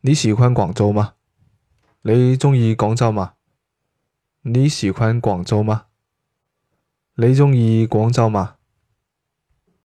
你喜歡廣州嗎？你鍾意廣州嗎？你喜歡廣州嗎？你鍾意廣州嗎？